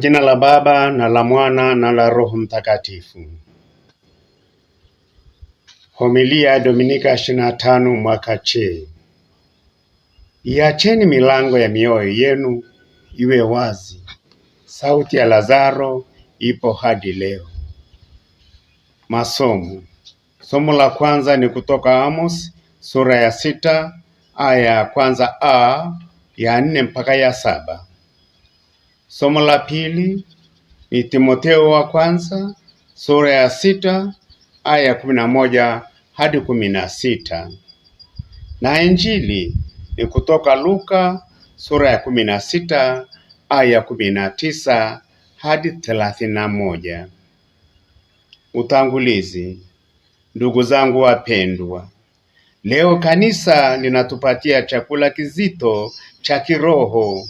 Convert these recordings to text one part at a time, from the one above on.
jina la Baba na la Mwana na la Roho Mtakatifu. Homilia Dominika 25 mwaka C. Iacheni milango ya mioyo yenu iwe wazi. Sauti ya Lazaro ipo hadi leo. Masomo. Somo la kwanza ni kutoka Amos sura ya sita aya ya kwanza a ya nne mpaka ya saba. Somo la pili ni Timotheo wa kwanza sura ya sita aya ya kumi na moja hadi kumi na sita na injili ni kutoka Luka sura ya kumi na sita aya ya kumi na tisa hadi thelathini na moja. Utangulizi. Ndugu zangu wapendwa, leo kanisa linatupatia chakula kizito cha kiroho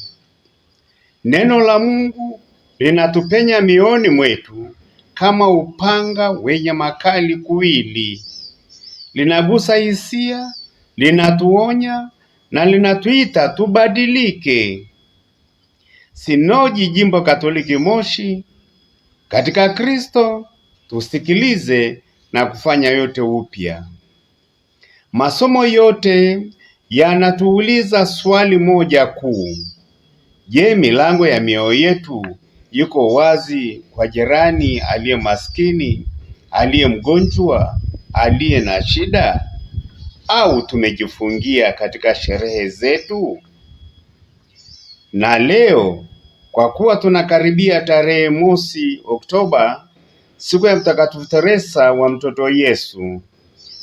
Neno la Mungu linatupenya mioni mwetu kama upanga wenye makali kuwili, linagusa hisia, linatuonya na linatuita tubadilike. Sinoji, Jimbo Katoliki Moshi, katika Kristo tusikilize na kufanya yote upya. Masomo yote yanatuuliza swali moja kuu: Je, milango ya mioyo yetu iko wazi kwa jirani aliye maskini, aliye mgonjwa, aliye na shida? Au tumejifungia katika sherehe zetu? Na leo kwa kuwa tunakaribia tarehe mosi Oktoba, siku ya Mtakatifu Teresa wa Mtoto Yesu,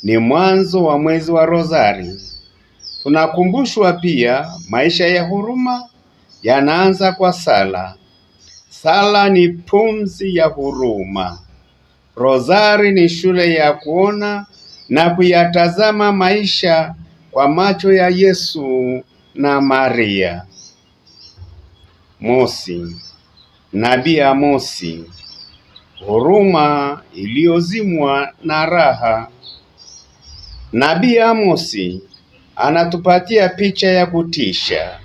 ni mwanzo wa mwezi wa Rozari, tunakumbushwa pia maisha ya huruma yanaanza kwa sala. Sala ni pumzi ya huruma. Rozari ni shule ya kuona na kuyatazama maisha kwa macho ya Yesu na Maria. Mosi, Nabii Amosi, huruma iliyozimwa na raha. Nabii Amosi anatupatia picha ya kutisha.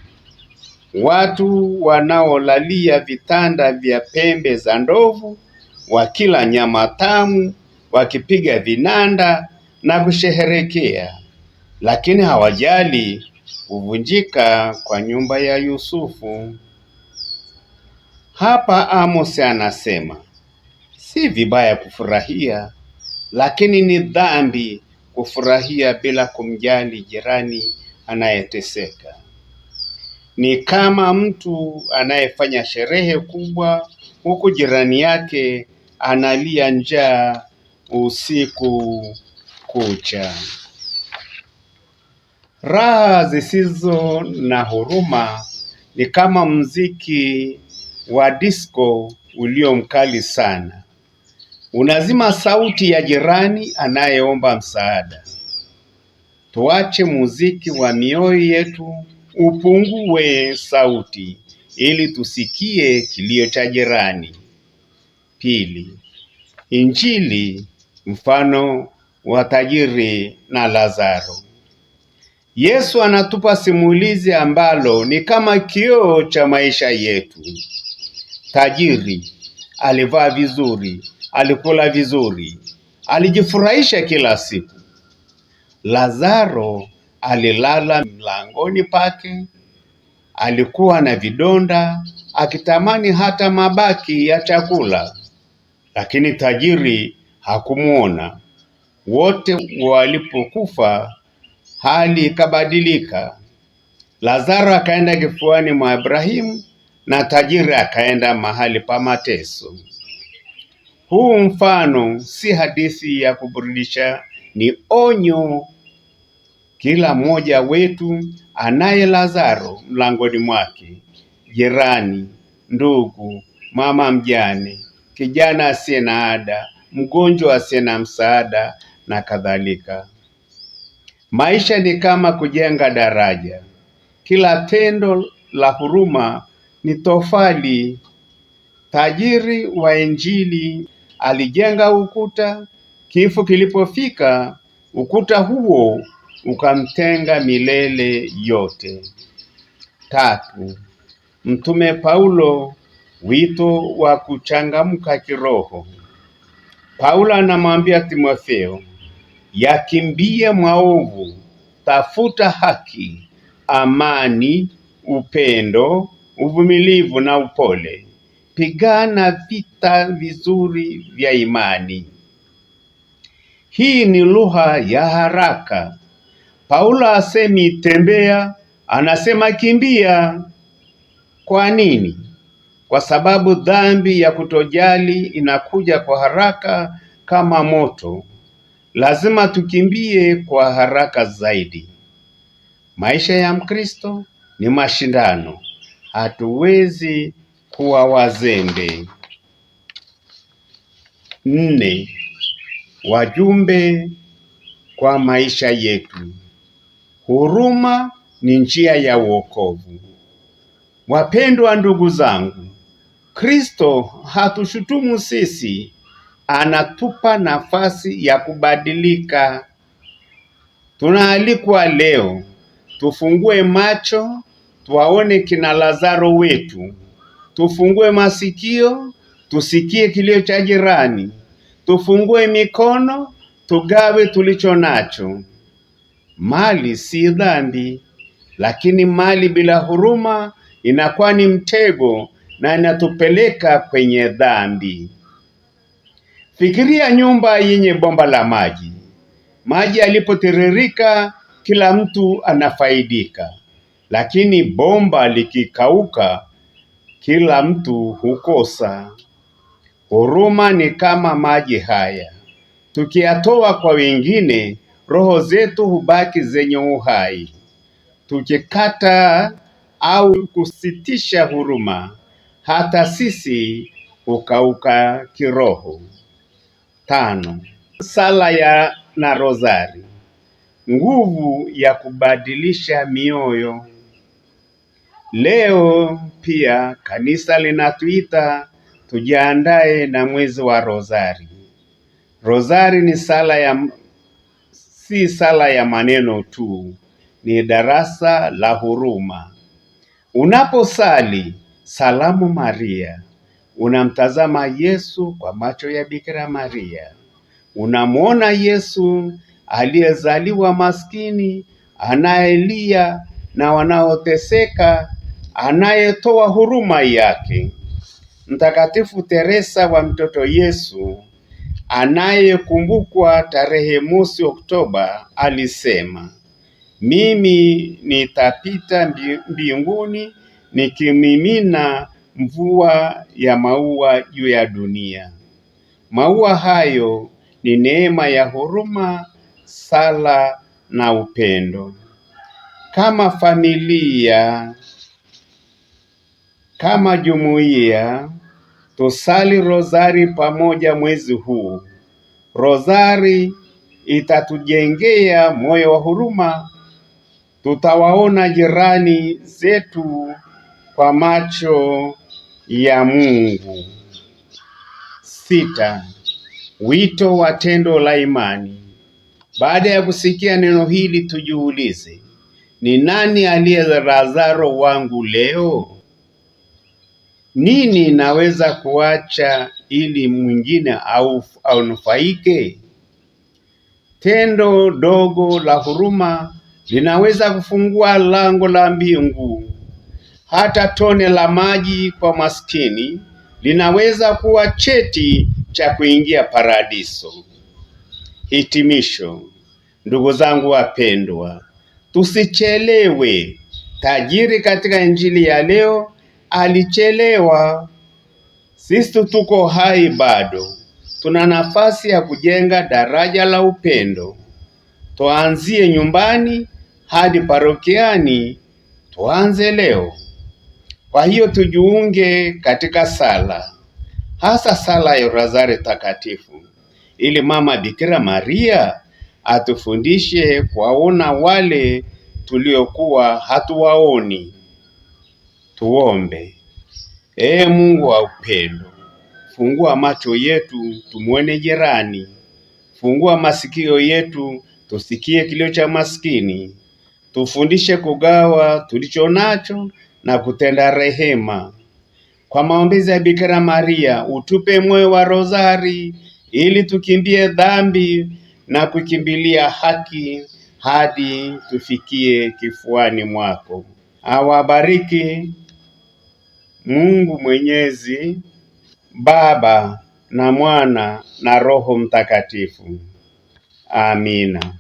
Watu wanaolalia vitanda vya pembe za ndovu, wakila nyama tamu, wakipiga vinanda na kusherehekea, lakini hawajali kuvunjika kwa nyumba ya Yusufu. Hapa Amos anasema si vibaya kufurahia, lakini ni dhambi kufurahia bila kumjali jirani anayeteseka. Ni kama mtu anayefanya sherehe kubwa huku jirani yake analia njaa usiku kucha. Raha zisizo na huruma ni kama mziki wa disco ulio mkali sana. Unazima sauti ya jirani anayeomba msaada. Tuache muziki wa mioyo yetu upungue sauti ili tusikie kilio cha jirani. Pili, Injili mfano wa tajiri na Lazaro. Yesu anatupa simulizi ambalo ni kama kioo cha maisha yetu. Tajiri alivaa vizuri, alikula vizuri, alijifurahisha kila siku. Lazaro Alilala mlangoni pake, alikuwa na vidonda, akitamani hata mabaki ya chakula, lakini tajiri hakumwona. Wote walipokufa hali ikabadilika. Lazaro akaenda kifuani mwa Ibrahimu na tajiri akaenda mahali pa mateso. Huu mfano si hadithi ya kuburudisha, ni onyo kila mmoja wetu anaye Lazaro mlangoni mwake, jirani, ndugu, mama mjane, kijana asiye na ada, mgonjwa asiye na msaada na kadhalika. Maisha ni kama kujenga daraja. Kila tendo la huruma ni tofali. Tajiri wa Injili alijenga ukuta. Kifo kilipofika, ukuta huo ukamtenga milele yote. Tatu, Mtume Paulo wito wa kuchangamka kiroho. Paulo anamwambia Timotheo, yakimbie maovu, tafuta haki, amani, upendo, uvumilivu na upole. Pigana vita vizuri vya imani. Hii ni lugha ya haraka Paulo asemi tembea, anasema kimbia. Kwa nini? Kwa sababu dhambi ya kutojali inakuja kwa haraka kama moto. Lazima tukimbie kwa haraka zaidi. Maisha ya Mkristo ni mashindano. Hatuwezi kuwa wazembe. Nne, wajumbe kwa maisha yetu. Huruma ni njia ya wokovu. Wapendwa ndugu zangu, Kristo hatushutumu sisi, anatupa nafasi ya kubadilika. Tunaalikwa leo tufungue macho tuwaone kina Lazaro wetu, tufungue masikio tusikie kilio cha jirani, tufungue mikono tugawe tulicho nacho. Mali si dhambi, lakini mali bila huruma inakuwa ni mtego na inatupeleka kwenye dhambi. Fikiria nyumba yenye bomba la maji. Maji yalipotiririka, kila mtu anafaidika, lakini bomba likikauka, kila mtu hukosa. Huruma ni kama maji haya, tukiyatoa kwa wengine roho zetu hubaki zenye uhai. Tukikata au kusitisha huruma, hata sisi hukauka kiroho. Tano, sala ya na rozari, nguvu ya kubadilisha mioyo. Leo pia kanisa linatuita tujiandae na mwezi wa rozari. Rozari ni sala ya si sala ya maneno tu, ni darasa la huruma. Unaposali Salamu Maria, unamtazama Yesu kwa macho ya Bikira Maria. Unamwona Yesu aliyezaliwa maskini, anayelia na wanaoteseka, anayetoa huruma yake. Mtakatifu Teresa wa Mtoto Yesu anayekumbukwa tarehe mosi Oktoba alisema mimi nitapita mbinguni nikimimina mvua ya maua juu ya dunia. Maua hayo ni neema ya huruma, sala na upendo. Kama familia, kama jumuiya Tusali rozari pamoja mwezi huu. Rozari itatujengea moyo wa huruma, tutawaona jirani zetu kwa macho ya Mungu. Sita, wito wa tendo la imani. Baada ya kusikia neno hili, tujiulize, ni nani aliye lazaro wangu leo? nini naweza kuacha ili mwingine au anufaike? Tendo dogo la huruma linaweza kufungua lango la mbingu. Hata tone la maji kwa maskini linaweza kuwa cheti cha kuingia paradiso. Hitimisho, ndugu zangu wapendwa, tusichelewe. Tajiri katika Injili ya leo alichelewa. Sisi tuko hai bado, tuna nafasi ya kujenga daraja la upendo. Tuanzie nyumbani hadi parokiani, tuanze leo. Kwa hiyo tujiunge katika sala, hasa sala ya Rozari Takatifu, ili Mama Bikira Maria atufundishe kuwaona wale tuliokuwa hatuwaoni. Tuombe. Ee Mungu wa upendo, fungua macho yetu tumwone jirani, fungua masikio yetu tusikie kilio cha maskini, tufundishe kugawa tulicho nacho na kutenda rehema. Kwa maombezi ya Bikira Maria, utupe moyo wa rozari ili tukimbie dhambi na kukimbilia haki hadi tufikie kifuani mwako. Awabariki Mungu Mwenyezi, Baba na Mwana na Roho Mtakatifu. Amina.